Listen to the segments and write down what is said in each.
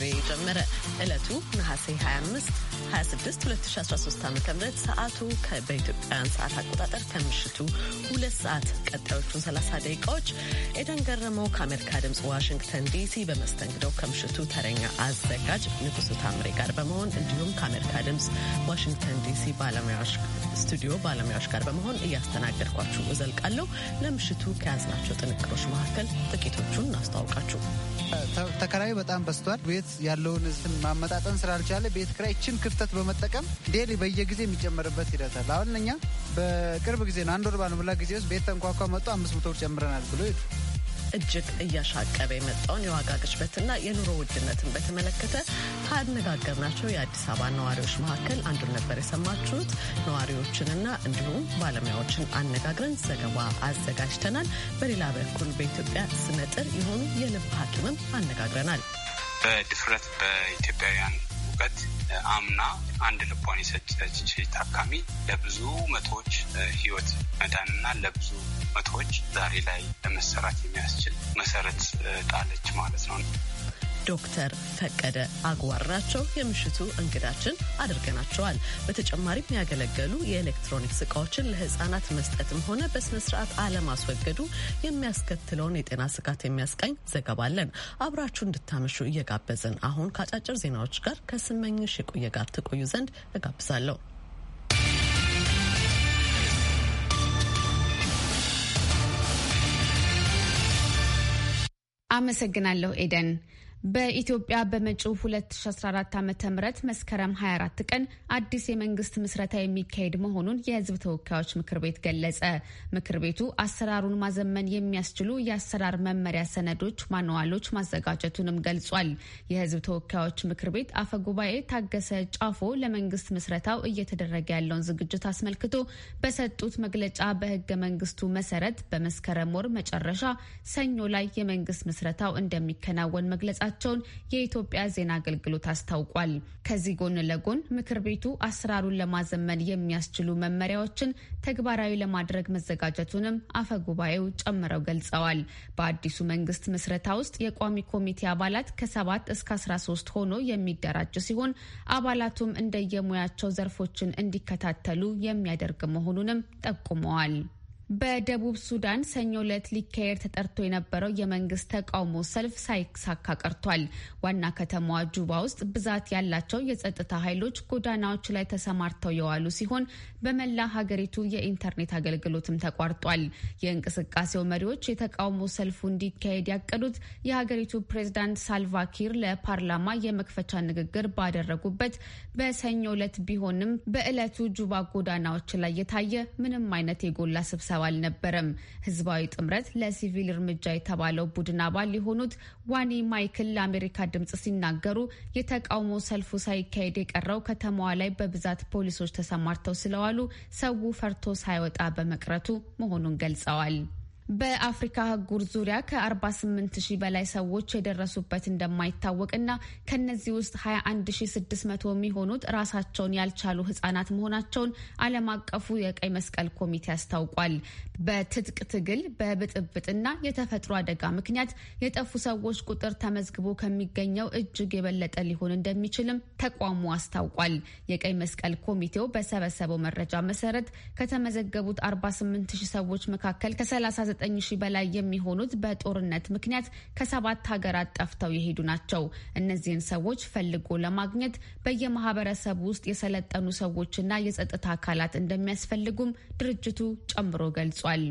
ዛሬ ጀመረ። ዕለቱ ነሐሴ 25 26 2013 ዓ ም ሰዓቱ በኢትዮጵያውያን ሰዓት አቆጣጠር ከምሽቱ ሁለት ሰዓት ቀጣዮቹን 30 ደቂቃዎች ኤደን ገረመው ከአሜሪካ ድምፅ ዋሽንግተን ዲሲ በመስተንግደው ከምሽቱ ተረኛ አዘጋጅ ንጉሱ ታምሬ ጋር በመሆን እንዲሁም ከአሜሪካ ድምፅ ዋሽንግተን ዲሲ ባለሙያዎች ስቱዲዮ ባለሙያዎች ጋር በመሆን እያስተናገድኳችሁ እዘልቃለሁ። ለምሽቱ ከያዝናቸው ጥንቅሮች መካከል ጥቂቶቹን እናስተዋውቃችሁ። ተከራዩ በጣም በስቷል። ቤት ያለውን ማመጣጠን ስላልቻለ ቤት ክራይ ችን ክፍት ወተት በመጠቀም ዴሊ በየጊዜ የሚጨመርበት ሂደት አለ። አሁን እኛ በቅርብ ጊዜ ነው አንድ ወር ባልሞላ ጊዜ ውስጥ ቤት ተንኳኳ መጡ አምስት መቶ ብር ጨምረናል ብሎ ሄዱ። እጅግ እያሻቀበ የመጣውን የዋጋ ግሽበትና የኑሮ ውድነትን በተመለከተ ካነጋገርናቸው የአዲስ አበባ ነዋሪዎች መካከል አንዱን ነበር የሰማችሁት። ነዋሪዎችንና እንዲሁም ባለሙያዎችን አነጋግረን ዘገባ አዘጋጅተናል። በሌላ በኩል በኢትዮጵያ ስመጥር የሆኑ የልብ ሐኪምም አነጋግረናል። በድፍረት በኢትዮጵያውያን ባለበት አምና አንድ ልቧን የሰጠች ታካሚ ለብዙ መቶዎች ህይወት መዳንና ለብዙ መቶዎች ዛሬ ላይ ለመሰራት የሚያስችል መሰረት ጣለች ማለት ነው። ዶክተር ፈቀደ አግባር ናቸው የምሽቱ እንግዳችን አድርገናቸዋል። በተጨማሪም ያገለገሉ የኤሌክትሮኒክስ እቃዎችን ለህፃናት መስጠትም ሆነ በስነ ስርዓት አለማስወገዱ የሚያስከትለውን የጤና ስጋት የሚያስቃኝ ዘገባ አለን። አብራችሁ እንድታመሹ እየጋበዝን አሁን ከአጫጭር ዜናዎች ጋር ከስመኝሽ የቆየ ጋር ትቆዩ ዘንድ እጋብዛለሁ። አመሰግናለሁ ኤደን። በኢትዮጵያ በመጪው 2014 ዓ ም መስከረም 24 ቀን አዲስ የመንግስት ምስረታ የሚካሄድ መሆኑን የህዝብ ተወካዮች ምክር ቤት ገለጸ። ምክር ቤቱ አሰራሩን ማዘመን የሚያስችሉ የአሰራር መመሪያ ሰነዶች፣ ማንዋሎች ማዘጋጀቱንም ገልጿል። የህዝብ ተወካዮች ምክር ቤት አፈ ጉባኤ ታገሰ ጫፎ ለመንግስት ምስረታው እየተደረገ ያለውን ዝግጅት አስመልክቶ በሰጡት መግለጫ በህገ መንግስቱ መሰረት በመስከረም ወር መጨረሻ ሰኞ ላይ የመንግስት ምስረታው እንደሚከናወን መግለጻ መግለጻቸውን የኢትዮጵያ ዜና አገልግሎት አስታውቋል። ከዚህ ጎን ለጎን ምክር ቤቱ አሰራሩን ለማዘመን የሚያስችሉ መመሪያዎችን ተግባራዊ ለማድረግ መዘጋጀቱንም አፈ ጉባኤው ጨምረው ገልጸዋል። በአዲሱ መንግስት ምስረታ ውስጥ የቋሚ ኮሚቴ አባላት ከሰባት እስከ አስራ ሶስት ሆኖ የሚደራጅ ሲሆን አባላቱም እንደየሙያቸው ዘርፎችን እንዲከታተሉ የሚያደርግ መሆኑንም ጠቁመዋል። በደቡብ ሱዳን ሰኞ ዕለት ሊካሄድ ተጠርቶ የነበረው የመንግስት ተቃውሞ ሰልፍ ሳይሳካ ቀርቷል። ዋና ከተማዋ ጁባ ውስጥ ብዛት ያላቸው የጸጥታ ኃይሎች ጎዳናዎች ላይ ተሰማርተው የዋሉ ሲሆን በመላ ሀገሪቱ የኢንተርኔት አገልግሎትም ተቋርጧል። የእንቅስቃሴው መሪዎች የተቃውሞ ሰልፉ እንዲካሄድ ያቀዱት የሀገሪቱ ፕሬዝዳንት ሳልቫኪር ለፓርላማ የመክፈቻ ንግግር ባደረጉበት በሰኞ ዕለት ቢሆንም በዕለቱ ጁባ ጎዳናዎች ላይ የታየ ምንም አይነት የጎላ ስብሰባ ፈቅደው አልነበረም። ህዝባዊ ጥምረት ለሲቪል እርምጃ የተባለው ቡድን አባል የሆኑት ዋኒ ማይክል ለአሜሪካ ድምጽ ሲናገሩ የተቃውሞ ሰልፉ ሳይካሄድ የቀረው ከተማዋ ላይ በብዛት ፖሊሶች ተሰማርተው ስለዋሉ ሰው ፈርቶ ሳይወጣ በመቅረቱ መሆኑን ገልጸዋል። በአፍሪካ አህጉር ዙሪያ ከ48 ሺህ በላይ ሰዎች የደረሱበት እንደማይታወቅና ከነዚህ ውስጥ 21600 የሚሆኑት ራሳቸውን ያልቻሉ ህጻናት መሆናቸውን ዓለም አቀፉ የቀይ መስቀል ኮሚቴ አስታውቋል። በትጥቅ ትግል በብጥብጥና የተፈጥሮ አደጋ ምክንያት የጠፉ ሰዎች ቁጥር ተመዝግቦ ከሚገኘው እጅግ የበለጠ ሊሆን እንደሚችልም ተቋሙ አስታውቋል። የቀይ መስቀል ኮሚቴው በሰበሰበው መረጃ መሰረት ከተመዘገቡት 48000 ሰዎች መካከል ከ ከ ሺህ በላይ የሚሆኑት በጦርነት ምክንያት ከሰባት ሀገራት ጠፍተው የሄዱ ናቸው። እነዚህን ሰዎች ፈልጎ ለማግኘት በየማህበረሰቡ ውስጥ የሰለጠኑ ሰዎችና የጸጥታ አካላት እንደሚያስፈልጉም ድርጅቱ ጨምሮ ገልጿል።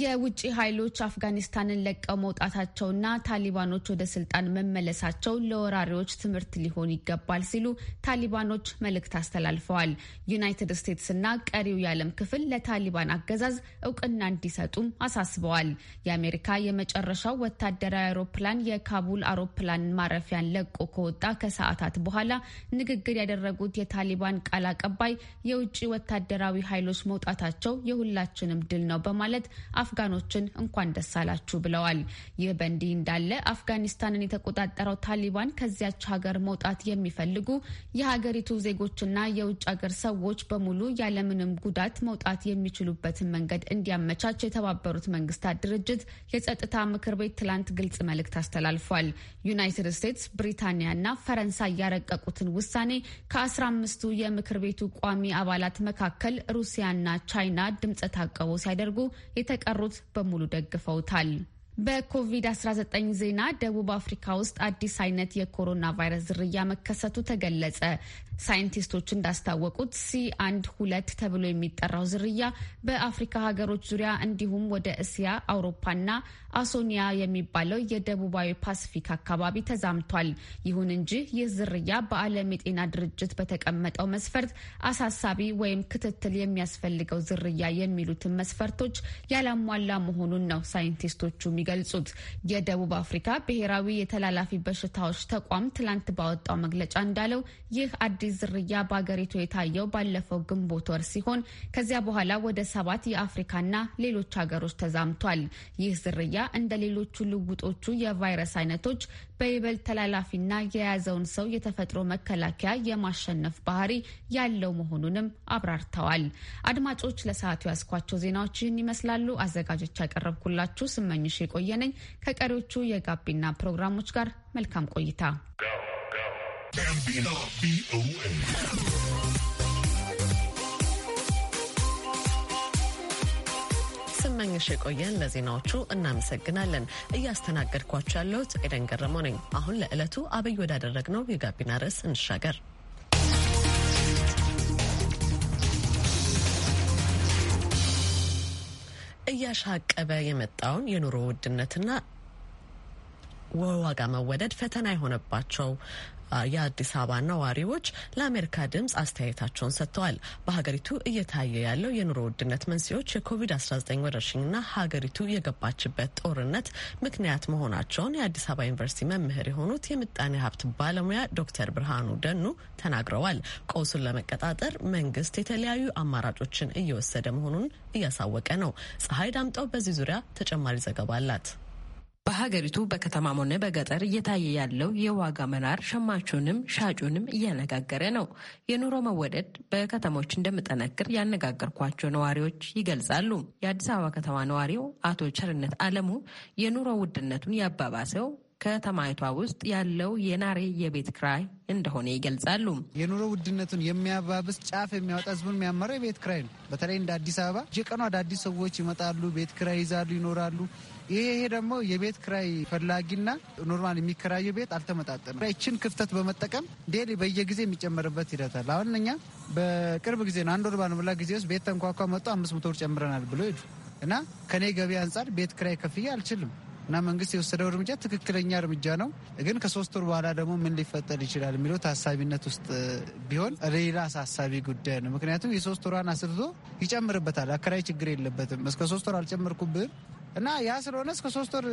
የውጭ ኃይሎች አፍጋኒስታንን ለቀው መውጣታቸውና ታሊባኖች ወደ ስልጣን መመለሳቸው ለወራሪዎች ትምህርት ሊሆን ይገባል ሲሉ ታሊባኖች መልእክት አስተላልፈዋል። ዩናይትድ ስቴትስና ቀሪው የዓለም ክፍል ለታሊባን አገዛዝ እውቅና እንዲሰጡም አሳስበዋል። የአሜሪካ የመጨረሻው ወታደራዊ አውሮፕላን የካቡል አውሮፕላን ማረፊያን ለቆ ከወጣ ከሰዓታት በኋላ ንግግር ያደረጉት የታሊባን ቃል አቀባይ የውጭ ወታደራዊ ኃይሎች መውጣታቸው የሁላችንም ድል ነው በማለት አፍጋኖችን እንኳን ደስ አላችሁ ብለዋል። ይህ በእንዲህ እንዳለ አፍጋኒስታንን የተቆጣጠረው ታሊባን ከዚያች ሀገር መውጣት የሚፈልጉ የሀገሪቱ ዜጎችና የውጭ ሀገር ሰዎች በሙሉ ያለምንም ጉዳት መውጣት የሚችሉበትን መንገድ እንዲያመቻች የተባበሩት መንግስታት ድርጅት የጸጥታ ምክር ቤት ትላንት ግልጽ መልእክት አስተላልፏል። ዩናይትድ ስቴትስ፣ ብሪታንያና ፈረንሳይ ያረቀቁትን ውሳኔ ከአስራ አምስቱ የምክር ቤቱ ቋሚ አባላት መካከል ሩሲያና ቻይና ድምጸ ታቀቦ ሲያደርጉ የቀሩት በሙሉ ደግፈውታል። በኮቪድ-19 ዜና ደቡብ አፍሪካ ውስጥ አዲስ አይነት የኮሮና ቫይረስ ዝርያ መከሰቱ ተገለጸ። ሳይንቲስቶች እንዳስታወቁት ሲ አንድ ሁለት ተብሎ የሚጠራው ዝርያ በአፍሪካ ሀገሮች ዙሪያ እንዲሁም ወደ እስያ፣ አውሮፓና አሶኒያ የሚባለው የደቡባዊ ፓስፊክ አካባቢ ተዛምቷል። ይሁን እንጂ ይህ ዝርያ በዓለም የጤና ድርጅት በተቀመጠው መስፈርት አሳሳቢ ወይም ክትትል የሚያስፈልገው ዝርያ የሚሉትን መስፈርቶች ያላሟላ መሆኑን ነው ሳይንቲስቶቹ የሚገልጹት። የደቡብ አፍሪካ ብሔራዊ የተላላፊ በሽታዎች ተቋም ትላንት ባወጣው መግለጫ እንዳለው ይህ አዲስ አዲስ ዝርያ በአገሪቱ የታየው ባለፈው ግንቦት ወር ሲሆን ከዚያ በኋላ ወደ ሰባት የአፍሪካና ሌሎች ሀገሮች ተዛምቷል። ይህ ዝርያ እንደ ሌሎቹ ልውጦቹ የቫይረስ አይነቶች በይበልጥ ተላላፊና የያዘውን ሰው የተፈጥሮ መከላከያ የማሸነፍ ባህሪ ያለው መሆኑንም አብራርተዋል። አድማጮች ለሰዓቱ ያስኳቸው ዜናዎች ይህን ይመስላሉ። አዘጋጆች ያቀረብኩላችሁ ስመኝሽ የቆየነኝ ከቀሪዎቹ የጋቢና ፕሮግራሞች ጋር መልካም ቆይታ ጋቢና ቪኦኤ ስመኝሽ የቆየን ለዜናዎቹ እናመሰግናለን። እያስተናገድኳቸው ያለሁት ኤደን ገረመው ነኝ። አሁን ለዕለቱ አብይ ወዳደረግነው የጋቢና ርዕስ እንሻገር። እያሻቀበ የመጣውን የኑሮ ውድነትና ዋጋ መወደድ ፈተና የሆነባቸው የአዲስ አበባ ነዋሪዎች ለአሜሪካ ድምጽ አስተያየታቸውን ሰጥተዋል። በሀገሪቱ እየታየ ያለው የኑሮ ውድነት መንስኤዎች የኮቪድ-19 ወረርሽኝና ሀገሪቱ የገባችበት ጦርነት ምክንያት መሆናቸውን የአዲስ አበባ ዩኒቨርሲቲ መምህር የሆኑት የምጣኔ ሀብት ባለሙያ ዶክተር ብርሃኑ ደኑ ተናግረዋል። ቀውሱን ለመቀጣጠር መንግስት የተለያዩ አማራጮችን እየወሰደ መሆኑን እያሳወቀ ነው። ፀሐይ ዳምጠው በዚህ ዙሪያ ተጨማሪ ዘገባ አላት። በሀገሪቱ በከተማም ሆነ በገጠር እየታየ ያለው የዋጋ መናር ሸማቹንም ሻጩንም እያነጋገረ ነው። የኑሮ መወደድ በከተሞች እንደምጠነክር ያነጋገርኳቸው ነዋሪዎች ይገልጻሉ። የአዲስ አበባ ከተማ ነዋሪው አቶ ቸርነት አለሙ የኑሮ ውድነቱን ያባባሰው ከተማይቷ ውስጥ ያለው የናሬ የቤት ክራይ እንደሆነ ይገልጻሉ። የኑሮ ውድነቱን የሚያባብስ ጫፍ የሚያወጣ ህዝቡን የሚያመረው የቤት ክራይ ነው። በተለይ እንደ አዲስ አበባ የቀኑ አዳዲስ ሰዎች ይመጣሉ፣ ቤት ክራይ ይዛሉ፣ ይኖራሉ። ይሄ ይሄ ደግሞ የቤት ክራይ ፈላጊና ኖርማል የሚከራዩ ቤት አልተመጣጠነ። ይችን ክፍተት በመጠቀም ዴሊ በየጊዜ የሚጨመርበት ሂደት አለ። አሁን እኛ በቅርብ ጊዜ ነው አንድ ወር ባልሞላ ጊዜ ውስጥ ቤት ተንኳኳ መጥቶ አምስት መቶ ብር ጨምረናል ብሎ ሄዱ እና ከኔ ገቢ አንጻር ቤት ክራይ ከፍዬ አልችልም እና መንግስት የወሰደው እርምጃ ትክክለኛ እርምጃ ነው። ግን ከሶስት ወር በኋላ ደግሞ ምን ሊፈጠር ይችላል የሚለው ታሳቢነት ውስጥ ቢሆን ሌላ አሳሳቢ ጉዳይ ነው። ምክንያቱም የሶስት ወሯን አስርቶ ይጨምርበታል። አከራይ ችግር የለበትም። እስከ ሶስት ወር አልጨመርኩብህም እና ያ ስለሆነ እስከ ሶስት ወር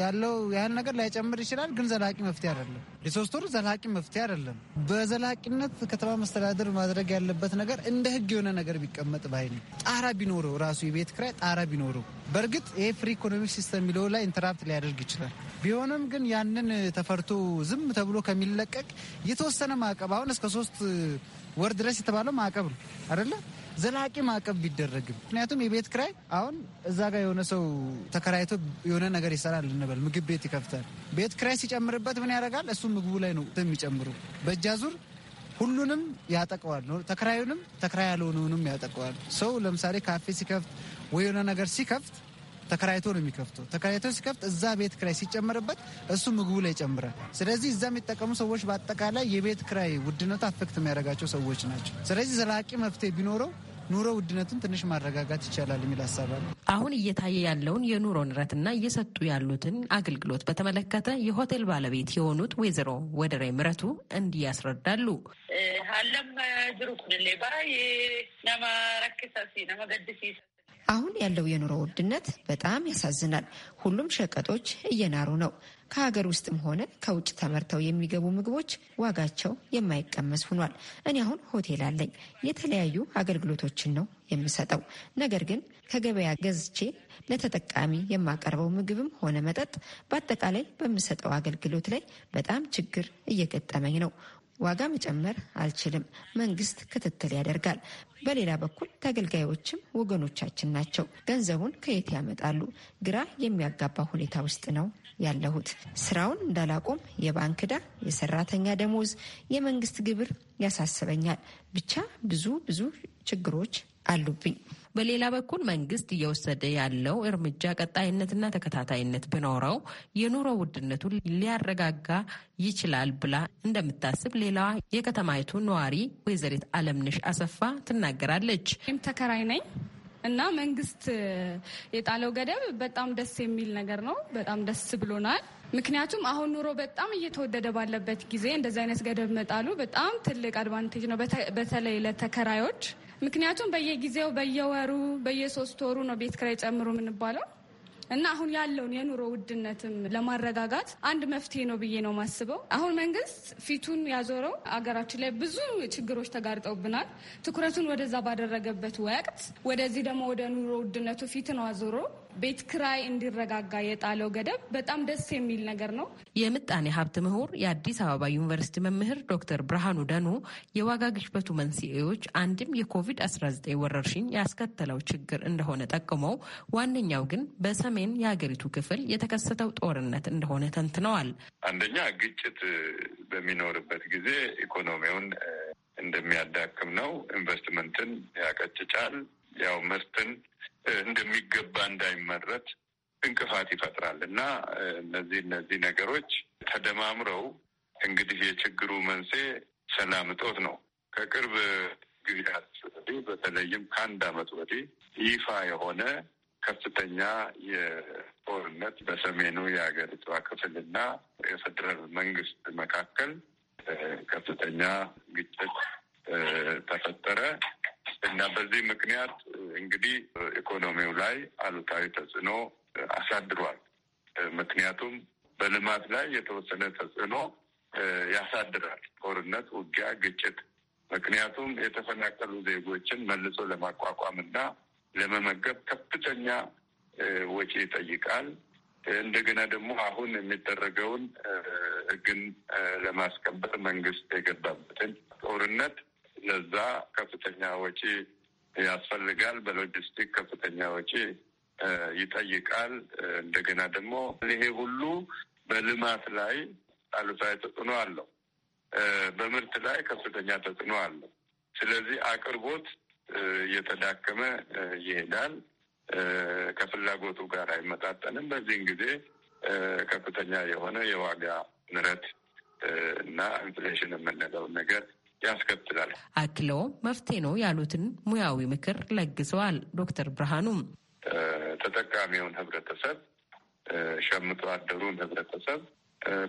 ያለው ያህል ነገር ላይጨምር ይችላል፣ ግን ዘላቂ መፍትሄ አይደለም። የሶስት ወር ዘላቂ መፍትሄ አይደለም። በዘላቂነት ከተማ መስተዳደር ማድረግ ያለበት ነገር እንደ ህግ የሆነ ነገር ቢቀመጥ ባይ ነው። ጣራ ቢኖረው ራሱ የቤት ክራይ ጣራ ቢኖረው፣ በእርግጥ ይሄ ፍሪ ኢኮኖሚክ ሲስተም የሚለው ላይ ኢንተራፕት ሊያደርግ ይችላል። ቢሆንም ግን ያንን ተፈርቶ ዝም ተብሎ ከሚለቀቅ የተወሰነ ማዕቀብ አሁን እስከ ሶስት ወር ድረስ የተባለው ማዕቀብ ነው አይደለም ዘላቂ ማዕቀብ ቢደረግም ምክንያቱም የቤት ክራይ አሁን እዛ ጋር የሆነ ሰው ተከራይቶ የሆነ ነገር ይሰራል ልንበል፣ ምግብ ቤት ይከፍታል። ቤት ክራይ ሲጨምርበት ምን ያደርጋል? እሱ ምግቡ ላይ ነው የሚጨምሩ። በእጃ ዙር ሁሉንም ያጠቀዋል። ተከራዩንም፣ ተከራይ ያልሆነውንም ያጠቀዋል። ሰው ለምሳሌ ካፌ ሲከፍት ወይ የሆነ ነገር ሲከፍት ተከራይቶ ነው የሚከፍተው። ተከራይቶ ሲከፍት እዛ ቤት ክራይ ሲጨመርበት እሱ ምግቡ ላይ ይጨምራል። ስለዚህ እዛ የሚጠቀሙ ሰዎች በአጠቃላይ የቤት ክራይ ውድነቱ አፌክት የሚያደርጋቸው ሰዎች ናቸው። ስለዚህ ዘላቂ መፍትሄ ቢኖረው ኑሮ ውድነትን ትንሽ ማረጋጋት ይቻላል የሚል ሀሳብ አለ። አሁን እየታየ ያለውን የኑሮ ንረትና እየሰጡ ያሉትን አገልግሎት በተመለከተ የሆቴል ባለቤት የሆኑት ወይዘሮ ወደራይ ምረቱ እንዲህ ያስረዳሉ። አለም ጅሩ ኩንሌ ነማ ረክሰሲ ነማ አሁን ያለው የኑሮ ውድነት በጣም ያሳዝናል። ሁሉም ሸቀጦች እየናሩ ነው። ከሀገር ውስጥም ሆነ ከውጭ ተመርተው የሚገቡ ምግቦች ዋጋቸው የማይቀመስ ሆኗል። እኔ አሁን ሆቴል አለኝ። የተለያዩ አገልግሎቶችን ነው የምሰጠው። ነገር ግን ከገበያ ገዝቼ ለተጠቃሚ የማቀርበው ምግብም ሆነ መጠጥ፣ በአጠቃላይ በምሰጠው አገልግሎት ላይ በጣም ችግር እየገጠመኝ ነው። ዋጋ መጨመር አልችልም። መንግስት ክትትል ያደርጋል። በሌላ በኩል ተገልጋዮችም ወገኖቻችን ናቸው። ገንዘቡን ከየት ያመጣሉ? ግራ የሚያጋባ ሁኔታ ውስጥ ነው ያለሁት። ስራውን እንዳላቆም የባንክ ዕዳ፣ የሰራተኛ ደሞዝ፣ የመንግስት ግብር ያሳስበኛል። ብቻ ብዙ ብዙ ችግሮች አሉብኝ። በሌላ በኩል መንግስት እየወሰደ ያለው እርምጃ ቀጣይነትና ተከታታይነት ብኖረው የኑሮ ውድነቱን ሊያረጋጋ ይችላል ብላ እንደምታስብ ሌላዋ የከተማይቱ ነዋሪ ወይዘሪት አለምነሽ አሰፋ ትናገራለች። ወይም ተከራይ ነኝ እና መንግስት የጣለው ገደብ በጣም ደስ የሚል ነገር ነው። በጣም ደስ ብሎናል። ምክንያቱም አሁን ኑሮ በጣም እየተወደደ ባለበት ጊዜ እንደዚህ አይነት ገደብ መጣሉ በጣም ትልቅ አድቫንቴጅ ነው፣ በተለይ ለተከራዮች ምክንያቱም በየጊዜው በየወሩ በየሶስት ወሩ ነው ቤት ኪራይ ጨምሮ የምንባለው እና አሁን ያለውን የኑሮ ውድነትም ለማረጋጋት አንድ መፍትሄ ነው ብዬ ነው ማስበው። አሁን መንግስት ፊቱን ያዞረው አገራችን ላይ ብዙ ችግሮች ተጋርጠውብናል። ትኩረቱን ወደዛ ባደረገበት ወቅት ወደዚህ ደግሞ ወደ ኑሮ ውድነቱ ፊትን አዞረው። ቤት ክራይ እንዲረጋጋ የጣለው ገደብ በጣም ደስ የሚል ነገር ነው። የምጣኔ ሀብት ምሁር የአዲስ አበባ ዩኒቨርሲቲ መምህር ዶክተር ብርሃኑ ደኑ የዋጋ ግሽበቱ መንስኤዎች አንድም የኮቪድ-19 ወረርሽኝ ያስከተለው ችግር እንደሆነ ጠቅመው ዋነኛው ግን በሰሜን የሀገሪቱ ክፍል የተከሰተው ጦርነት እንደሆነ ተንትነዋል። አንደኛ ግጭት በሚኖርበት ጊዜ ኢኮኖሚውን እንደሚያዳክም ነው። ኢንቨስትመንትን ያቀጭጫል። ያው ምርትን እንደሚገባ እንዳይመረት እንቅፋት ይፈጥራል እና እነዚህ እነዚህ ነገሮች ተደማምረው እንግዲህ የችግሩ መንስኤ ሰላም እጦት ነው። ከቅርብ ጊዜያት ወዲህ በተለይም ከአንድ ዓመት ወዲህ ይፋ የሆነ ከፍተኛ የጦርነት በሰሜኑ የሀገሪቷ ክፍልና የፌዴራል መንግስት መካከል ከፍተኛ ግጭት ተፈጠረ እና በዚህ ምክንያት እንግዲህ ኢኮኖሚው ላይ አሉታዊ ተጽዕኖ አሳድሯል። ምክንያቱም በልማት ላይ የተወሰነ ተጽዕኖ ያሳድራል። ጦርነት፣ ውጊያ፣ ግጭት ምክንያቱም የተፈናቀሉ ዜጎችን መልሶ ለማቋቋም እና ለመመገብ ከፍተኛ ወጪ ይጠይቃል። እንደገና ደግሞ አሁን የሚደረገውን ሕግን ለማስከበር መንግስት የገባበትን ጦርነት ለዛ ከፍተኛ ወጪ ያስፈልጋል። በሎጂስቲክ ከፍተኛ ወጪ ይጠይቃል። እንደገና ደግሞ ይሄ ሁሉ በልማት ላይ አሉታዊ ተጽዕኖ አለው፣ በምርት ላይ ከፍተኛ ተጽዕኖ አለው። ስለዚህ አቅርቦት እየተዳከመ ይሄዳል፣ ከፍላጎቱ ጋር አይመጣጠንም። በዚህን ጊዜ ከፍተኛ የሆነ የዋጋ ንረት እና ኢንፍሌሽን የምንለው ነገር ያስከትላል። አክለው መፍትሄ ነው ያሉትን ሙያዊ ምክር ለግሰዋል። ዶክተር ብርሃኑም ተጠቃሚውን ህብረተሰብ፣ ሸምጦ አደሩን ህብረተሰብ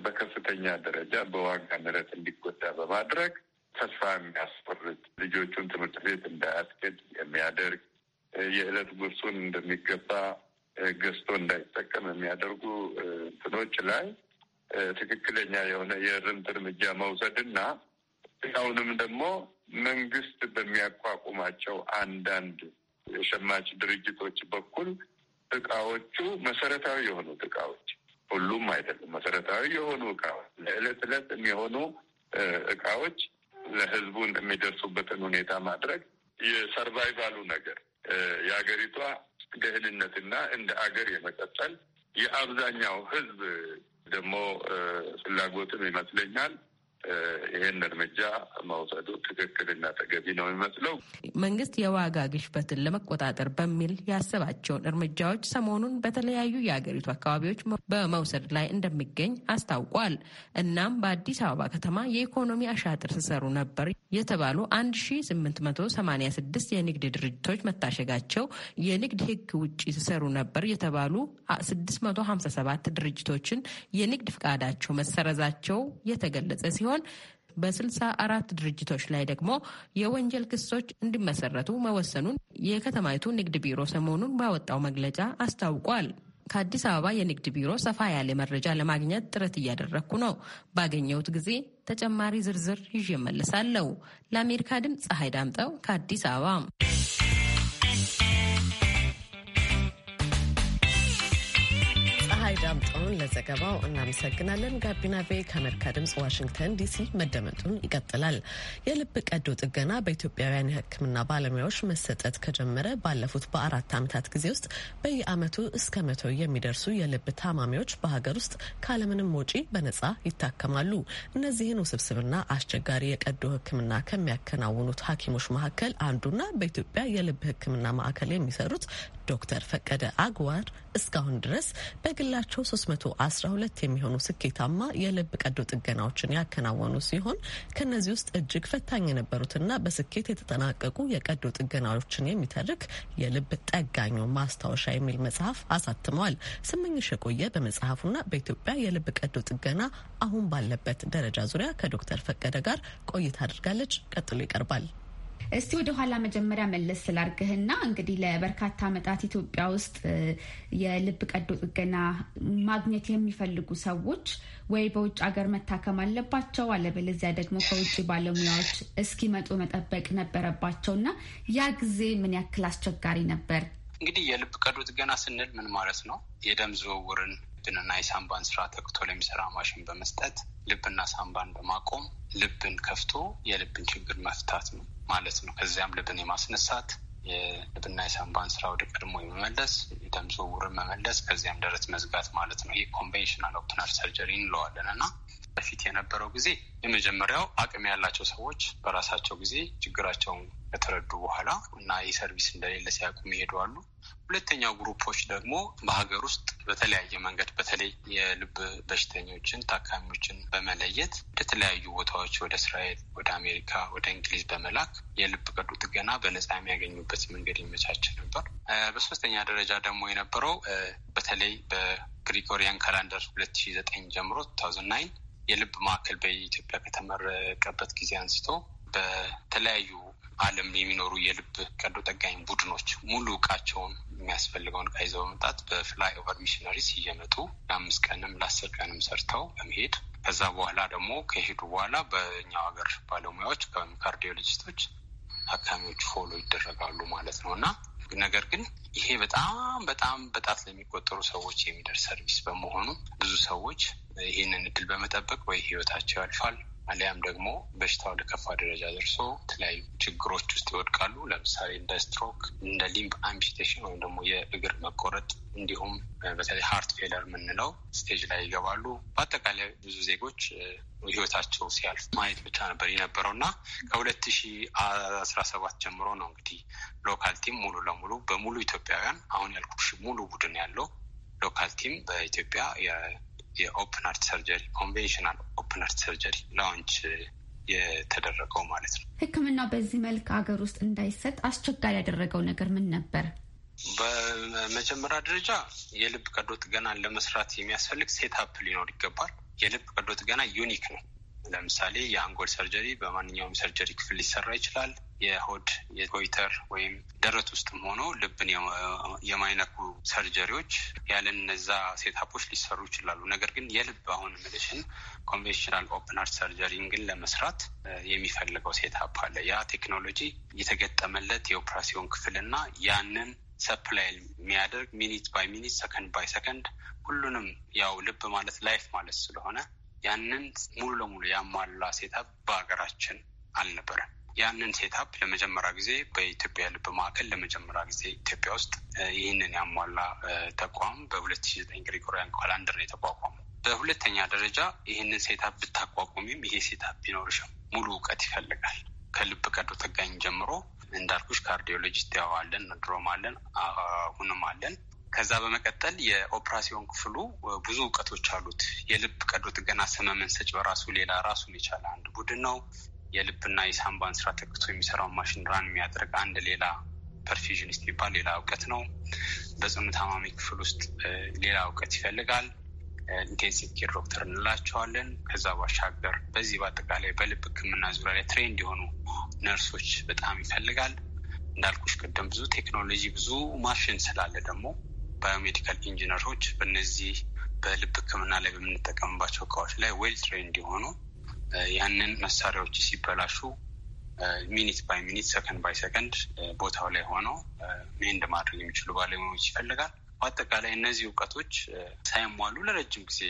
በከፍተኛ ደረጃ በዋጋ ንረት እንዲጎዳ በማድረግ ተስፋ የሚያስፈርት ልጆቹን ትምህርት ቤት እንዳያስገድ የሚያደርግ የዕለት ጉርሱን እንደሚገባ ገዝቶ እንዳይጠቀም የሚያደርጉ እንትኖች ላይ ትክክለኛ የሆነ የእርምት እርምጃ መውሰድና ያውንም ደግሞ መንግስት በሚያቋቁማቸው አንዳንድ የሸማች ድርጅቶች በኩል እቃዎቹ መሰረታዊ የሆኑ እቃዎች ሁሉም አይደለም፣ መሰረታዊ የሆኑ እቃዎች ለዕለት ዕለት የሚሆኑ እቃዎች ለህዝቡ የሚደርሱበትን ሁኔታ ማድረግ የሰርቫይቫሉ ነገር የሀገሪቷ ደህንነትና እንደ አገር የመቀጠል የአብዛኛው ህዝብ ደግሞ ፍላጎትም ይመስለኛል ይህን እርምጃ መውሰዱ ትክክልና ተገቢ ነው የሚመስለው። መንግስት የዋጋ ግሽበትን ለመቆጣጠር በሚል ያሰባቸውን እርምጃዎች ሰሞኑን በተለያዩ የአገሪቱ አካባቢዎች በመውሰድ ላይ እንደሚገኝ አስታውቋል። እናም በአዲስ አበባ ከተማ የኢኮኖሚ አሻጥር ሲሰሩ ነበር የተባሉ 1886 የንግድ ድርጅቶች መታሸጋቸው፣ የንግድ ህግ ውጭ ሲሰሩ ነበር የተባሉ 657 ድርጅቶችን የንግድ ፍቃዳቸው መሰረዛቸው የተገለጸ ሲሆን ሲሆን በስልሳ አራት ድርጅቶች ላይ ደግሞ የወንጀል ክሶች እንዲመሰረቱ መወሰኑን የከተማይቱ ንግድ ቢሮ ሰሞኑን ባወጣው መግለጫ አስታውቋል። ከአዲስ አበባ የንግድ ቢሮ ሰፋ ያለ መረጃ ለማግኘት ጥረት እያደረግኩ ነው። ባገኘሁት ጊዜ ተጨማሪ ዝርዝር ይዤ መለሳለሁ። ለአሜሪካ ድምፅ ፀሐይ ዳምጠው ከአዲስ አበባ ዳምጠውን ለዘገባው እናመሰግናለን። ጋቢና ቬ ከአሜሪካ ድምጽ ዋሽንግተን ዲሲ መደመጡን ይቀጥላል። የልብ ቀዶ ጥገና በኢትዮጵያውያን የሕክምና ባለሙያዎች መሰጠት ከጀመረ ባለፉት በአራት ዓመታት ጊዜ ውስጥ በየዓመቱ እስከ መቶ የሚደርሱ የልብ ታማሚዎች በሀገር ውስጥ ካለምንም ወጪ በነጻ ይታከማሉ። እነዚህን ውስብስብና አስቸጋሪ የቀዶ ሕክምና ከሚያከናውኑት ሐኪሞች መካከል አንዱና በኢትዮጵያ የልብ ሕክምና ማዕከል የሚሰሩት ዶክተር ፈቀደ አግዋር እስካሁን ድረስ በግላቸው 312 የሚሆኑ ስኬታማ የልብ ቀዶ ጥገናዎችን ያከናወኑ ሲሆን ከእነዚህ ውስጥ እጅግ ፈታኝ የነበሩትና በስኬት የተጠናቀቁ የቀዶ ጥገናዎችን የሚተርክ የልብ ጠጋኙ ማስታወሻ የሚል መጽሐፍ አሳትመዋል። ስምኝሽ የቆየ በመጽሐፉና በኢትዮጵያ የልብ ቀዶ ጥገና አሁን ባለበት ደረጃ ዙሪያ ከዶክተር ፈቀደ ጋር ቆይታ አድርጋለች። ቀጥሎ ይቀርባል። እስቲ ወደኋላ መጀመሪያ መለስ ስላርግህና እንግዲህ ለበርካታ ዓመታት ኢትዮጵያ ውስጥ የልብ ቀዶ ጥገና ማግኘት የሚፈልጉ ሰዎች ወይ በውጭ ሀገር መታከም አለባቸው፣ አለበለዚያ ደግሞ ከውጭ ባለሙያዎች እስኪመጡ መጠበቅ ነበረባቸው እና ያ ጊዜ ምን ያክል አስቸጋሪ ነበር? እንግዲህ የልብ ቀዶ ጥገና ስንል ምን ማለት ነው? የደም ዝውውርን ልብንና የሳምባን ስራ ተክቶ ለሚሰራ ማሽን በመስጠት ልብና ሳምባን በማቆም ልብን ከፍቶ የልብን ችግር መፍታት ነው። ማለት ነው። ከዚያም ልብን የማስነሳት የልብና የሳንባን ስራ ወደ ቀድሞ የመመለስ የደም ዝውውርን መመለስ፣ ከዚያም ደረት መዝጋት ማለት ነው። ይህ ኮንቬንሽናል ኦፕነር ሰርጀሪ እንለዋለን እና በፊት የነበረው ጊዜ የመጀመሪያው አቅም ያላቸው ሰዎች በራሳቸው ጊዜ ችግራቸውን ከተረዱ በኋላ እና ይህ ሰርቪስ እንደሌለ ሲያውቁ ይሄዱ አሉ። ሁለተኛው ግሩፖች ደግሞ በሀገር ውስጥ በተለያየ መንገድ በተለይ የልብ በሽተኞችን ታካሚዎችን በመለየት የተለያዩ ቦታዎች ወደ እስራኤል፣ ወደ አሜሪካ፣ ወደ እንግሊዝ በመላክ የልብ ቀዶ ጥገና በነጻ የሚያገኙበት መንገድ ይመቻች ነበር። በሶስተኛ ደረጃ ደግሞ የነበረው በተለይ በግሪጎሪያን ካላንደር ሁለት ሺ ዘጠኝ ጀምሮ ቱ ታውዝንድ ናይን የልብ ማዕከል በኢትዮጵያ ከተመረቀበት ጊዜ አንስቶ በተለያዩ ዓለም የሚኖሩ የልብ ቀዶ ጠጋኝ ቡድኖች ሙሉ እቃቸውን የሚያስፈልገውን እቃ ይዘው በመምጣት በፍላይ ኦቨር ሚሽነሪስ እየመጡ ለአምስት ቀንም ለአስር ቀንም ሰርተው በመሄድ ከዛ በኋላ ደግሞ ከሄዱ በኋላ በእኛው ሀገር ባለሙያዎች ወይም ካርዲዮሎጂስቶች ፎሎ ይደረጋሉ ማለት ነው እና ነገር ግን ይሄ በጣም በጣም በጣት ለሚቆጠሩ ሰዎች የሚደርስ ሰርቪስ በመሆኑ ብዙ ሰዎች ይህንን እድል በመጠበቅ ወይ ህይወታቸው ያልፋል አሊያም ደግሞ በሽታ ወደ ከፋ ደረጃ ደርሶ የተለያዩ ችግሮች ውስጥ ይወድቃሉ። ለምሳሌ እንደ ስትሮክ፣ እንደ ሊምፕ አምፒቴሽን ወይም ደግሞ የእግር መቆረጥ እንዲሁም በተለይ ሃርት ፌለር የምንለው ስቴጅ ላይ ይገባሉ። በአጠቃላይ ብዙ ዜጎች ህይወታቸው ሲያልፍ ማየት ብቻ ነበር የነበረው እና ከሁለት ሺ አስራ ሰባት ጀምሮ ነው እንግዲህ ሎካል ቲም ሙሉ ለሙሉ በሙሉ ኢትዮጵያውያን አሁን ያልኩሽ ሙሉ ቡድን ያለው ሎካል ቲም በኢትዮጵያ የኦፕን አርት ሰርጀሪ ኮንቬንሽናል ኦፕን አርት ሰርጀሪ ላውንች የተደረገው ማለት ነው። ሕክምና በዚህ መልክ ሀገር ውስጥ እንዳይሰጥ አስቸጋሪ ያደረገው ነገር ምን ነበር? በመጀመሪያ ደረጃ የልብ ቀዶ ጥገና ለመስራት የሚያስፈልግ ሴት አፕ ሊኖር ይገባል። የልብ ቀዶ ጥገና ዩኒክ ነው። ለምሳሌ የአንጎል ሰርጀሪ በማንኛውም ሰርጀሪ ክፍል ሊሰራ ይችላል። የሆድ የጎይተር ወይም ደረት ውስጥም ሆኖ ልብን የማይነኩ ሰርጀሪዎች ያለን እነዛ ሴታፖች ሊሰሩ ይችላሉ። ነገር ግን የልብ አሁን ምልሽን ኮንቬንሽናል ኦፕን ሰርጀሪን ግን ለመስራት የሚፈልገው ሴታፕ አለ። ያ ቴክኖሎጂ የተገጠመለት የኦፕራሲዮን ክፍልና ያንን ሰፕላይ የሚያደርግ ሚኒት ባይ ሚኒት ሰከንድ ባይ ሰከንድ ሁሉንም ያው ልብ ማለት ላይፍ ማለት ስለሆነ ያንን ሙሉ ለሙሉ ያሟላ ሴታፕ በሀገራችን አልነበረም። ያንን ሴታፕ ለመጀመሪያ ጊዜ በኢትዮጵያ ልብ ማዕከል ለመጀመሪያ ጊዜ ኢትዮጵያ ውስጥ ይህንን ያሟላ ተቋም በሁለት ሺ ዘጠኝ ግሪጎሪያን ካላንደር ነው የተቋቋመው። በሁለተኛ ደረጃ ይህንን ሴታፕ ብታቋቁሚም ይሄ ሴታፕ ቢኖርሽም ሙሉ እውቀት ይፈልጋል። ከልብ ቀዶ ጠጋኝ ጀምሮ እንዳልኩሽ ካርዲዮሎጂስት ያዋለን አለን ድሮም አለን አሁንም አለን። ከዛ በመቀጠል የኦፕራሲዮን ክፍሉ ብዙ እውቀቶች አሉት። የልብ ቀዶ ጥገና ሰመመን ሰጭ በራሱ ሌላ ራሱን የቻለ አንድ ቡድን ነው። የልብና የሳምባን ስራ ተክቶ የሚሰራውን ማሽን ራን የሚያደርግ አንድ ሌላ ፐርፊዥኒስት የሚባል ሌላ እውቀት ነው። በጽኑ ታማሚ ክፍል ውስጥ ሌላ እውቀት ይፈልጋል። ኢንቴንሲቭ ኬር ዶክተር እንላቸዋለን። ከዛ ባሻገር በዚህ በአጠቃላይ በልብ ሕክምና ዙሪያ ላይ ትሬንድ የሆኑ ነርሶች በጣም ይፈልጋል። እንዳልኩሽ ቅድም ብዙ ቴክኖሎጂ ብዙ ማሽን ስላለ ደግሞ ባዮሜዲካል ኢንጂነሮች በነዚህ በልብ ሕክምና ላይ በምንጠቀምባቸው እቃዎች ላይ ዌል ትሬንድ የሆኑ ያንን መሳሪያዎች ሲበላሹ ሚኒት ባይ ሚኒት ሰከንድ ባይ ሰከንድ ቦታው ላይ ሆነው ሜንድ ማድረግ የሚችሉ ባለሙያዎች ይፈልጋል። በአጠቃላይ እነዚህ እውቀቶች ሳይሟሉ ለረጅም ጊዜ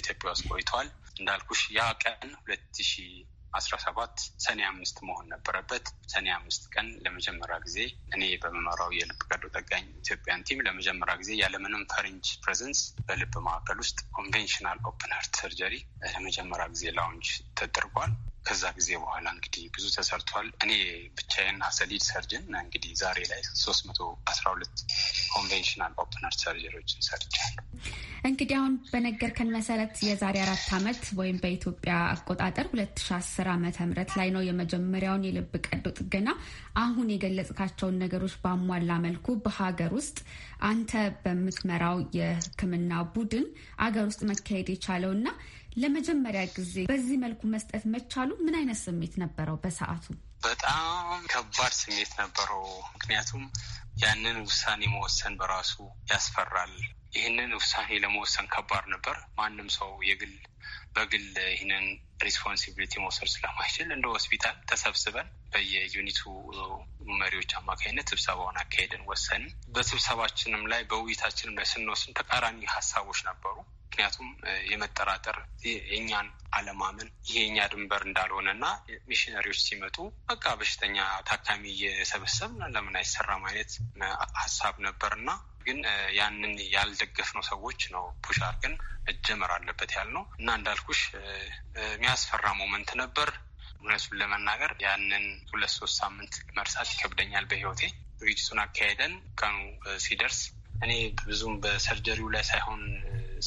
ኢትዮጵያ ውስጥ ቆይተዋል። እንዳልኩሽ ያ ቀን ሁለት ሺህ አስራ ሰባት ሰኔ አምስት መሆን ነበረበት። ሰኔ አምስት ቀን ለመጀመሪያ ጊዜ እኔ በመመራው የልብ ቀዶ ጠጋኝ ኢትዮጵያን ቲም ለመጀመሪያ ጊዜ ያለምንም ፈሪንጅ ፕሬዘንስ በልብ ማዕከል ውስጥ ኮንቬንሽናል ኦፕን ሀርት ሰርጀሪ ለመጀመሪያ ጊዜ ላውንጅ ተደርጓል። ከዛ ጊዜ በኋላ እንግዲህ ብዙ ተሰርቷል። እኔ ብቻዬን ሰሊድ ሰርጅን እንግዲህ ዛሬ ላይ ሶስት መቶ አስራ ሁለት ኮንቬንሽናል ኦፕነር ሰርጀሮችን ሰርቻለሁ። እንግዲህ አሁን በነገርከን መሰረት የዛሬ አራት ዓመት ወይም በኢትዮጵያ አቆጣጠር ሁለት ሺ አስር ዓመተ ምህረት ላይ ነው የመጀመሪያውን የልብ ቀዶ ጥገና። አሁን የገለጽካቸውን ነገሮች ባሟላ መልኩ በሀገር ውስጥ አንተ በምትመራው የሕክምና ቡድን አገር ውስጥ መካሄድ የቻለው እና ለመጀመሪያ ጊዜ በዚህ መልኩ መስጠት መቻሉ ምን አይነት ስሜት ነበረው በሰዓቱ? በጣም ከባድ ስሜት ነበረው። ምክንያቱም ያንን ውሳኔ መወሰን በራሱ ያስፈራል። ይህንን ውሳኔ ለመወሰን ከባድ ነበር። ማንም ሰው የግል በግል ይህንን ሪስፖንሲቢሊቲ መውሰድ ስለማይችል እንደ ሆስፒታል ተሰብስበን በየዩኒቱ መሪዎች አማካኝነት ስብሰባውን አካሄደን ወሰንን። በስብሰባችንም ላይ በውይይታችንም ላይ ስንወስን ተቃራኒ ሀሳቦች ነበሩ። ምክንያቱም የመጠራጠር የእኛን አለማመን ይሄ የኛ ድንበር እንዳልሆነ እና ሚሽነሪዎች ሲመጡ በቃ በሽተኛ ታካሚ እየሰበሰብ ለምን አይሰራም አይነት ሀሳብ ነበር እና ግን ያንን ያልደገፍነው ሰዎች ነው ፑሽ አድርገን መጀመር አለበት ያልነው እና እንዳልኩሽ የሚያስፈራ ሞመንት ነበር። እውነቱን ለመናገር ያንን ሁለት ሶስት ሳምንት መርሳት ይከብደኛል በህይወቴ። ዝግጅቱን አካሄደን ቀኑ ሲደርስ እኔ ብዙም በሰርጀሪው ላይ ሳይሆን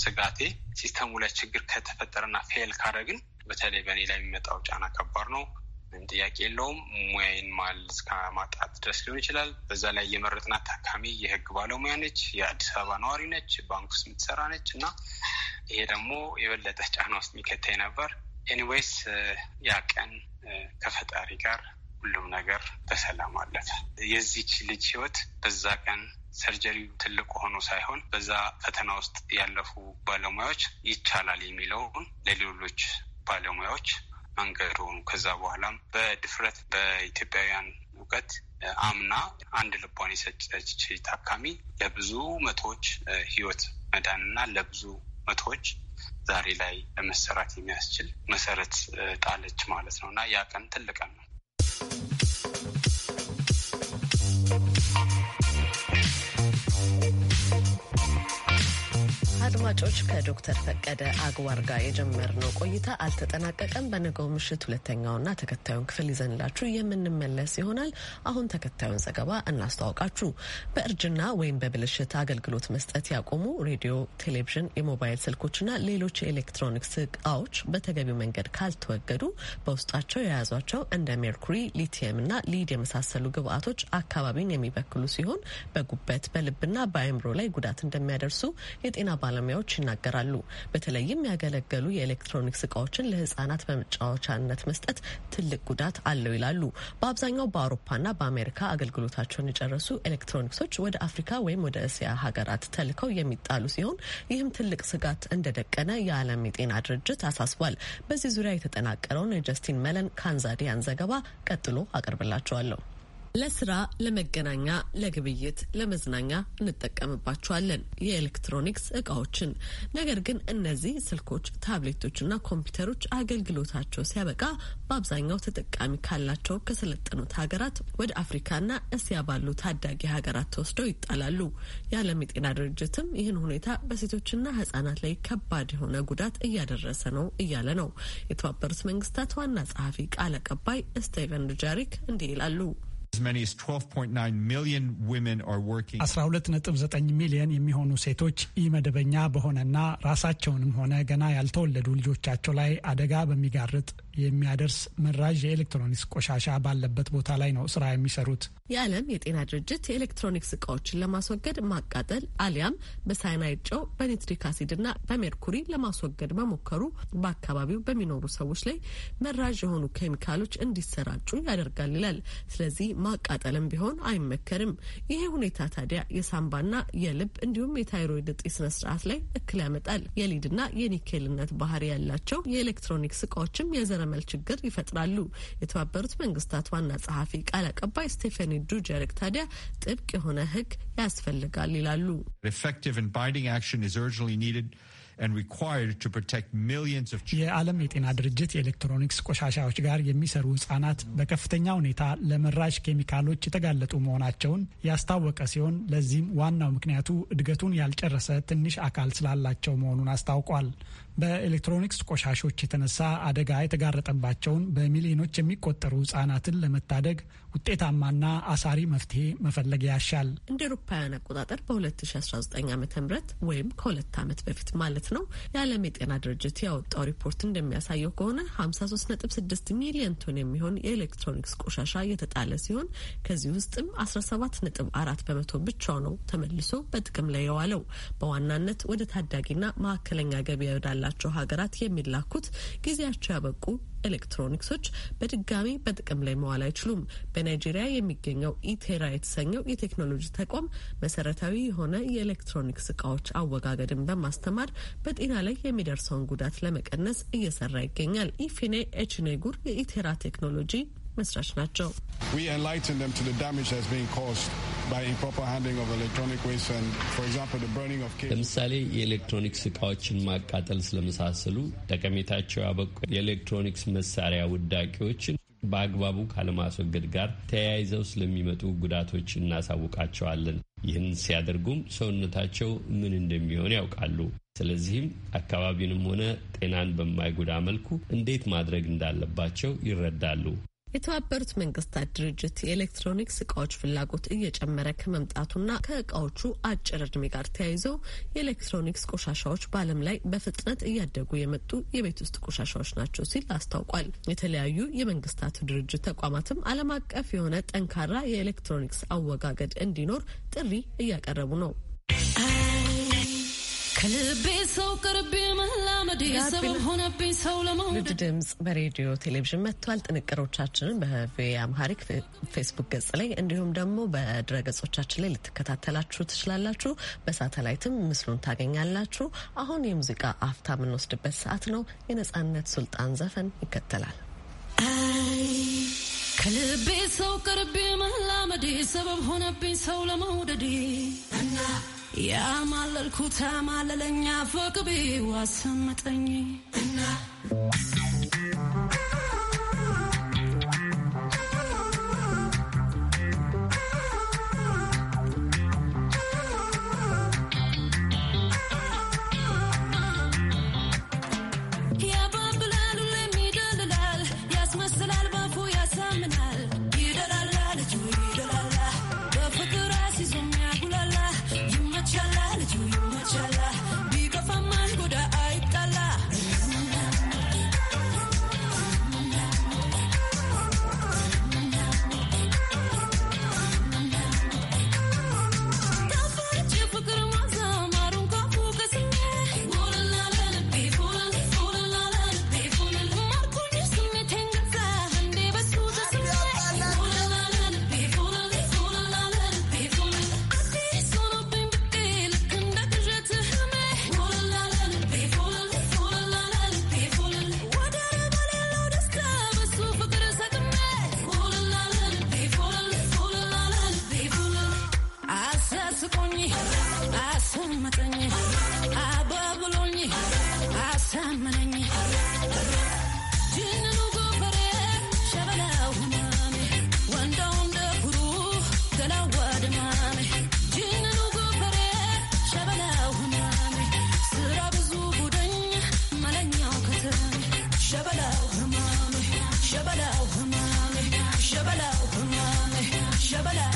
ስጋቴ ሲስተሙ ላይ ችግር ከተፈጠረና ፌል ካደረግን በተለይ በእኔ ላይ የሚመጣው ጫና ከባድ ነው። ምንም ጥያቄ የለውም። ሙያዬን ማል እስከ ማጣት ድረስ ሊሆን ይችላል። በዛ ላይ የመረጥና ታካሚ የህግ ባለሙያ ነች፣ የአዲስ አበባ ነዋሪ ነች፣ ባንክ ውስጥ የምትሰራ ነች እና ይሄ ደግሞ የበለጠ ጫና ውስጥ የሚከተኝ ነበር። ኤኒዌይስ ያ ቀን ከፈጣሪ ጋር ሁሉም ነገር በሰላም አለፈ። የዚች ልጅ ህይወት በዛ ቀን ሰርጀሪው ትልቅ ሆኖ ሳይሆን በዛ ፈተና ውስጥ ያለፉ ባለሙያዎች ይቻላል የሚለውን ለሌሎች ባለሙያዎች መንገድ ሆኑ። ከዛ በኋላም በድፍረት በኢትዮጵያውያን እውቀት አምና አንድ ልቧን የሰጨች ታካሚ ለብዙ መቶዎች ህይወት መዳንና ለብዙ መቶዎች ዛሬ ላይ ለመሰራት የሚያስችል መሰረት ጣለች ማለት ነው እና ያ ቀን ትልቅ ነው። አድማጮች ከዶክተር ፈቀደ አግባር ጋር የጀመርነው ቆይታ አልተጠናቀቀም። በነገው ምሽት ሁለተኛውና ተከታዩን ክፍል ይዘንላችሁ የምንመለስ ይሆናል። አሁን ተከታዩን ዘገባ እናስተዋውቃችሁ። በእርጅና ወይም በብልሽት አገልግሎት መስጠት ያቆሙ ሬዲዮ፣ ቴሌቪዥን፣ የሞባይል ስልኮችና ሌሎች የኤሌክትሮኒክስ እቃዎች በተገቢው መንገድ ካልተወገዱ በውስጣቸው የያዟቸው እንደ ሜርኩሪ፣ ሊቲየምና ሊድ የመሳሰሉ ግብአቶች አካባቢን የሚበክሉ ሲሆን በጉበት በልብና በአእምሮ ላይ ጉዳት እንደሚያደርሱ የጤና ባለሙያ ባለሙያዎች ይናገራሉ። በተለይም ያገለገሉ የኤሌክትሮኒክስ እቃዎችን ለህጻናት በመጫወቻነት መስጠት ትልቅ ጉዳት አለው ይላሉ። በአብዛኛው በአውሮፓና በአሜሪካ አገልግሎታቸውን የጨረሱ ኤሌክትሮኒክሶች ወደ አፍሪካ ወይም ወደ እስያ ሀገራት ተልከው የሚጣሉ ሲሆን ይህም ትልቅ ስጋት እንደደቀነ የዓለም የጤና ድርጅት አሳስቧል። በዚህ ዙሪያ የተጠናቀረውን የጀስቲን መለን ካንዛዲያን ዘገባ ቀጥሎ አቅርብላቸዋለሁ። ለስራ፣ ለመገናኛ፣ ለግብይት፣ ለመዝናኛ እንጠቀምባቸዋለን የኤሌክትሮኒክስ እቃዎችን። ነገር ግን እነዚህ ስልኮች፣ ታብሌቶችና ኮምፒውተሮች አገልግሎታቸው ሲያበቃ በአብዛኛው ተጠቃሚ ካላቸው ከሰለጠኑት ሀገራት ወደ አፍሪካና እስያ ባሉ ታዳጊ ሀገራት ተወስደው ይጣላሉ። የዓለም የጤና ድርጅትም ይህን ሁኔታ በሴቶችና ህጻናት ላይ ከባድ የሆነ ጉዳት እያደረሰ ነው እያለ ነው። የተባበሩት መንግስታት ዋና ጸሐፊ ቃል አቀባይ ስቴቨን ዱጃሪክ እንዲህ ይላሉ። 12.9 ሚሊዮን የሚሆኑ ሴቶች ኢመደበኛ በሆነና ራሳቸውንም ሆነ ገና ያልተወለዱ ልጆቻቸው ላይ አደጋ በሚጋርጥ የሚያደርስ መራዥ የኤሌክትሮኒክስ ቆሻሻ ባለበት ቦታ ላይ ነው ስራ የሚሰሩት። የዓለም የጤና ድርጅት የኤሌክትሮኒክስ እቃዎችን ለማስወገድ ማቃጠል አሊያም በሳይናይድ ጨው፣ በኒትሪክ እና በሜርኩሪ ለማስወገድ መሞከሩ በአካባቢው በሚኖሩ ሰዎች ላይ መራዥ የሆኑ ኬሚካሎች እንዲሰራጩ ያደርጋል ይላል። ስለዚህ ማቃጠልም ቢሆን አይመከርም። ይሄ ሁኔታ ታዲያ የሳምባና የልብ እንዲሁም የታይሮይድ እጢ ስነ ስርዓት ላይ እክል ያመጣል። የሊድና የኒኬልነት ባህሪ ያላቸው የኤሌክትሮኒክስ እቃዎችም የዘረመል ችግር ይፈጥራሉ። የተባበሩት መንግስታት ዋና ጸሐፊ ቃል አቀባይ ስቴፈኒ ዱጀሪክ ታዲያ ጥብቅ የሆነ ሕግ ያስፈልጋል ይላሉ። የዓለም የጤና ድርጅት የኤሌክትሮኒክስ ቆሻሻዎች ጋር የሚሰሩ ህጻናት በከፍተኛ ሁኔታ ለመራሽ ኬሚካሎች የተጋለጡ መሆናቸውን ያስታወቀ ሲሆን ለዚህም ዋናው ምክንያቱ እድገቱን ያልጨረሰ ትንሽ አካል ስላላቸው መሆኑን አስታውቋል። በኤሌክትሮኒክስ ቆሻሾች የተነሳ አደጋ የተጋረጠባቸውን በሚሊዮኖች የሚቆጠሩ ህጻናትን ለመታደግ ውጤታማና አሳሪ መፍትሄ መፈለግ ያሻል። እንደ ኤሮፓውያን አቆጣጠር በ2019 ዓ ም ወይም ከሁለት ዓመት በፊት ማለት ነው የዓለም የጤና ድርጅት ያወጣው ሪፖርት እንደሚያሳየው ከሆነ 536 ሚሊዮን ቶን የሚሆን የኤሌክትሮኒክስ ቆሻሻ የተጣለ ሲሆን ከዚህ ውስጥም 17.4 በመቶ ብቻ ነው ተመልሶ በጥቅም ላይ የዋለው በዋናነት ወደ ታዳጊና መካከለኛ ገቢ ይወዳል ካላቸው ሀገራት የሚላኩት ጊዜያቸው ያበቁ ኤሌክትሮኒክሶች በድጋሚ በጥቅም ላይ መዋል አይችሉም። በናይጄሪያ የሚገኘው ኢቴራ የተሰኘው የቴክኖሎጂ ተቋም መሰረታዊ የሆነ የኤሌክትሮኒክስ እቃዎች አወጋገድን በማስተማር በጤና ላይ የሚደርሰውን ጉዳት ለመቀነስ እየሰራ ይገኛል። ኢፌኔ ኤችኔጉር የኢቴራ ቴክኖሎጂ መስራች ናቸው። ለምሳሌ የኤሌክትሮኒክስ እቃዎችን ማቃጠል ስለመሳሰሉ ጠቀሜታቸው ያበቁ የኤሌክትሮኒክስ መሳሪያ ውዳቂዎችን በአግባቡ ካለማስወገድ ጋር ተያይዘው ስለሚመጡ ጉዳቶች እናሳውቃቸዋለን። ይህን ሲያደርጉም ሰውነታቸው ምን እንደሚሆን ያውቃሉ። ስለዚህም አካባቢንም ሆነ ጤናን በማይጎዳ መልኩ እንዴት ማድረግ እንዳለባቸው ይረዳሉ። የተባበሩት መንግስታት ድርጅት የኤሌክትሮኒክስ እቃዎች ፍላጎት እየጨመረ ከመምጣቱና ከእቃዎቹ አጭር እድሜ ጋር ተያይዘው የኤሌክትሮኒክስ ቆሻሻዎች በዓለም ላይ በፍጥነት እያደጉ የመጡ የቤት ውስጥ ቆሻሻዎች ናቸው ሲል አስታውቋል። የተለያዩ የመንግስታት ድርጅት ተቋማትም ዓለም አቀፍ የሆነ ጠንካራ የኤሌክትሮኒክስ አወጋገድ እንዲኖር ጥሪ እያቀረቡ ነው። ከልቤ ሰው ቅርቤ ሆነብኝ ሰው ለመውደድ። ድምፅ በሬዲዮ ቴሌቪዥን መጥቷል። ጥንቅሮቻችንን በቪ አምሃሪክ ፌስቡክ ገጽ ላይ እንዲሁም ደግሞ በድረ ገጾቻችን ላይ ልትከታተላችሁ ትችላላችሁ። በሳተላይትም ምስሉን ታገኛላችሁ። አሁን የሙዚቃ አፍታ የምንወስድበት ሰዓት ነው። የነጻነት ሱልጣን ዘፈን ይከተላል። ከልቤ ሰው ቅርቤ መላመዴ ሰበብ ሆነብኝ ሰው ለመውደድ ያማለልኩት ማለለኛ ፎቅ ቢዋሰመጠኝ እና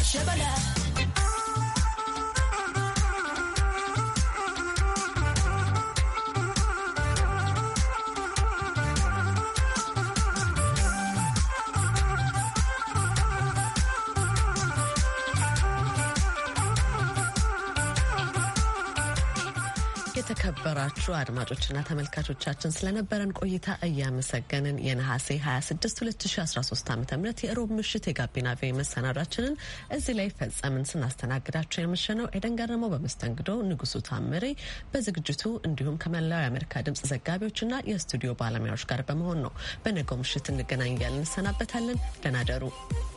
Shabala. አመሻችሁ አድማጮችና ተመልካቾቻችን ስለነበረን ቆይታ እያመሰገንን የነሐሴ 26 2013 ዓ ም የእሮብ ምሽት የጋቢና ቪ መሰናዷችንን እዚህ ላይ ፈጸምን። ስናስተናግዳቸው የምሽነው ኤደን ገረመው፣ በመስተንግዶ ንጉሱ ታምሬ በዝግጅቱ እንዲሁም ከመላው የአሜሪካ ድምፅ ዘጋቢዎችና የስቱዲዮ ባለሙያዎች ጋር በመሆን ነው። በነገው ምሽት እንገናኝ እያልን እንሰናበታለን። ደህና